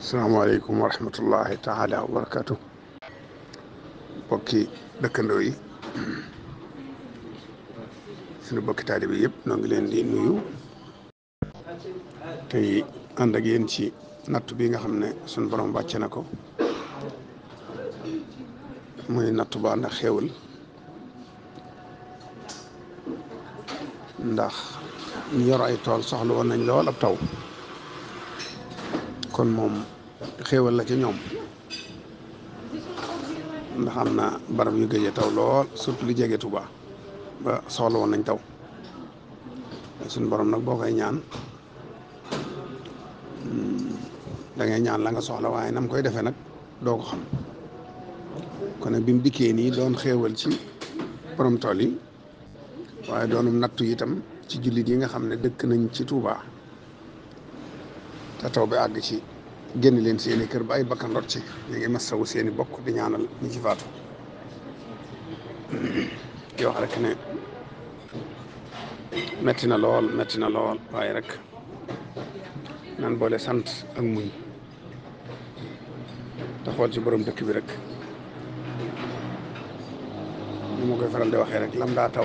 السلام عليكم ورحمة الله تعالى وبركاته بكي دكنوي سنو بكي تالي بيب نانجلين دي نيو تي اندجين تي ناتو بيغا خمنا سن بروم باتشنكو موي ناتو بانا خيول ndax ñu yor ay tool soxla woon nañ lool ab taw kon moom xéewal la ci ñoom ndax na barab yu gëj taw lool surtout lu jege Tuuba ba soxla woon nañ taw suñ borom nag boo koy ñaan hmm, dangay ngay ñaan la nga soxla waaye nam koy defee nag doo ko xam kon nag bi mu dikkee nii doon xéewal ci borom tool yi waaye doonum nattu itam ci jullit yi nga xam ne dëkk nañ ci Tuuba te taw bi àgg ci génn leen seeni kër ba ay bakkan rot ci ñu ngi masawu seen bokk di ñaanal ñi ci faatu di wax ne metti na lool metti na lool waaye rek nan boole sant ak muñ te xool ci borom dëkk bi rek ni ma koy faral di waxee rek lam daa taw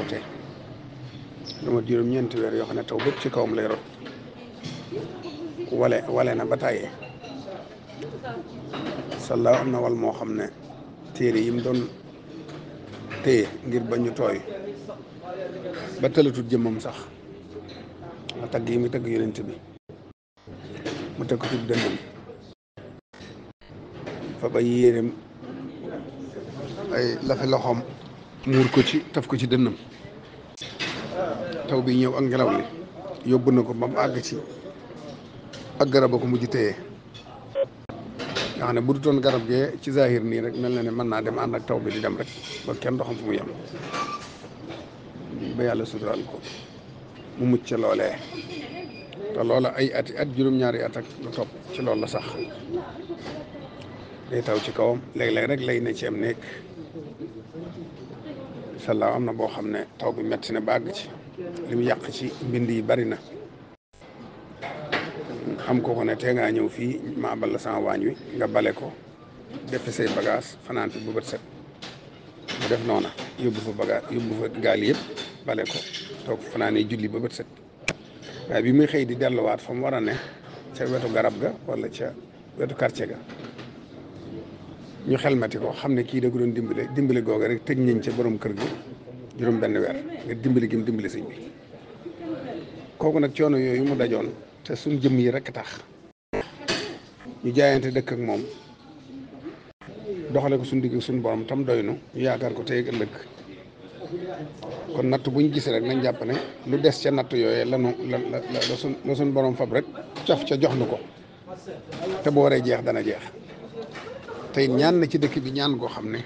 lu ma juróom-ñeenti weer yoo xam ne taw bépp ci kawam lay rot wale wale na ba tàyyi sallaaw am na wal moo xam ne téere yi mu doon téye ngir ba tooy ba tëlatut jëmmam sax nga tagg yi mu tagg yonent bi mu teg ko dënnam fa ba yéeréem ay lafi loxoom muur ko ci taf ko ci dënnam taw bi ñëw ak ngelaw li yóbbu na ko ba mu àgg ci ak garab a ko mujj téye nga xam ne bu dutoon garab gee ci zahir nii rek mel na ne mën naa dem ànd ak taw bi di dem rek ba kenn doxam fu mu yem ba yàlla suturaal ko mu mucc ca loolee te loola ay at at juróom-ñaari at ak lu topp ci loolu la sax day taw ci kawam léeg-léeg rek lay ne ci am nekk sallaaw am na boo xam ne taw bi metti na ba ci li mu yàq ci mbind yi bari na xam ko ko ne tee ngaa ñëw fii ma abal la waañ wi nga bale ko def fi say bagage fanaan fi bu set bu def noona yóbbu fa bagage yóbbu fa gaal yëpp bale ko toog fanaanee julli ba bët set waaye bi muy xëy di delluwaat fa mu war a ne ca wetu garab ga wala ca wetu quartier ga ñu xelmati ko xam ne kii da ko doon dimbale dimbale googa rek tëj nañ ca borom kër gi juróom benn weer nga dimbale gi mu dimbale sëñ bi kooku nag coono yooyu mu dajoon te suñ jëm yi rekk tax ñu jaayante dëkk ak moom doxale ko suñ digg suñ borom tam doy nu ñu yaakaar ko tey ëllëg kon natt bu ñu gis rek nañ jàpp lu des ca nattu yooyee la la la suñ borom rek cof ca jox nu ko te bu waree jeex dana jeex tey ñaan na ci dëkk bi ñaan goo xam ne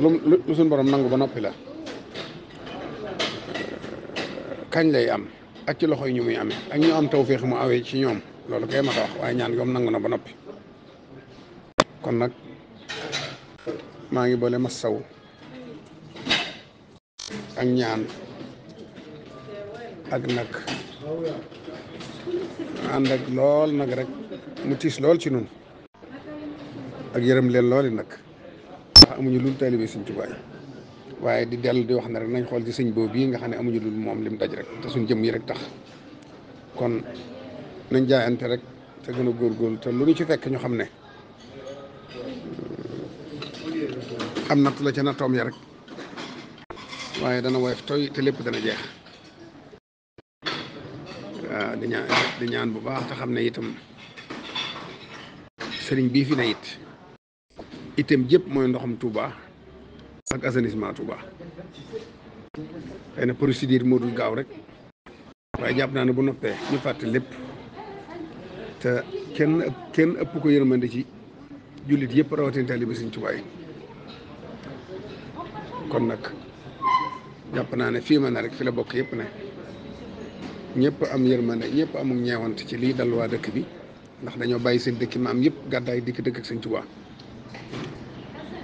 euh, lu lu nangu ba noppi la euh, kañ lay am ak ci loxo yi ñu muy amee ak ñu am tawféex mu awee ci ñoom loolu kay ma ko wax waaye ñaan yoom nangu na ba kon nag maa ngi boole massaw ak ñaan ak nag ànd ak lool nag rek mu tiis lool ci nun ak yërëm leen looli nag ndax amuñu lu taalibe Sëñ Tuubaa waaye di dellu di wax na rek nañ xool ci sëñ boobu bii nga xam ne amuñu dul moom lim daj rek ta suñ jëm yi rek tax kon nañ jaayante rek te gën a góorgóorlu te lu ñu ci fekk ñu xam ne euh, am natt la ca nattoom ya rek waaye dana woyof toy te lépp dana jeex waaw di ñaan bu baax te xam ne itam sëriñ bi fi ne it itam jëpp mooy ndoxum Tuuba ak assainissement Touba xëy na procédure moo gaaw rek waaye jàpp naa ne bu noppee ñu fàtte lépp te kenn kenn ëpp ko yërmande ci jullit yëpp rawatina taalibe Sëriñ Touba kon nag jàpp naa ne fii ma ne rek fi la bokk yépp ne ñëpp am yërmande ñëpp amul ñeewant ci lii dal waa dëkk bi ndax dañoo bàyyi seen dëkki maam yëpp gàddaay dikk dëkk ak Sëriñ Touba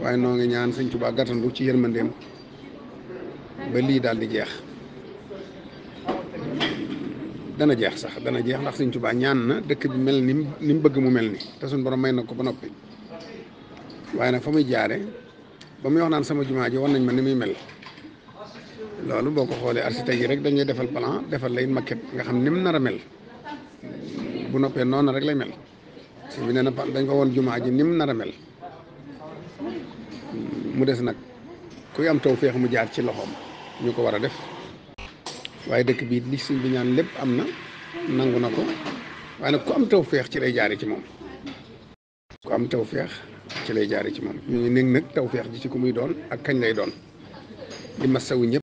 waaye noo ngi ñaan sëñ tuba gàttandu ci yërmandeem ba lii daal di jeex dana jeex sax dana jeex ndax sëñ tuba ñaan na dëkk bi mel ni ni mu bëgg mu mel ni te suñ borom may na ko ba noppi waaye nag fa muy jaare ba muy wax naan sama jumaa ji war nañ ma ni mel loolu boo ko xoolee architecte yi rek dañuy defal plan defal lay maquette nga xam ni mu nar a mel bu noppee noonu rek lay mel si bi nee na dañ ko woon jumaa ji ni mu mel mu des nag kuy am taw feex mu jaar ci loxoom ñu ko war a def waaye dëkk bii li sëñ bi ñaan lépp am na nangu na ko waaye nag ku am taw feex ci lay jaare ci moom ku am taw feex ci lay jaare ci moom ñu ngi nekk nag taw feex ji ci ku muy doon ak kañ lay doon di masawu ñëpp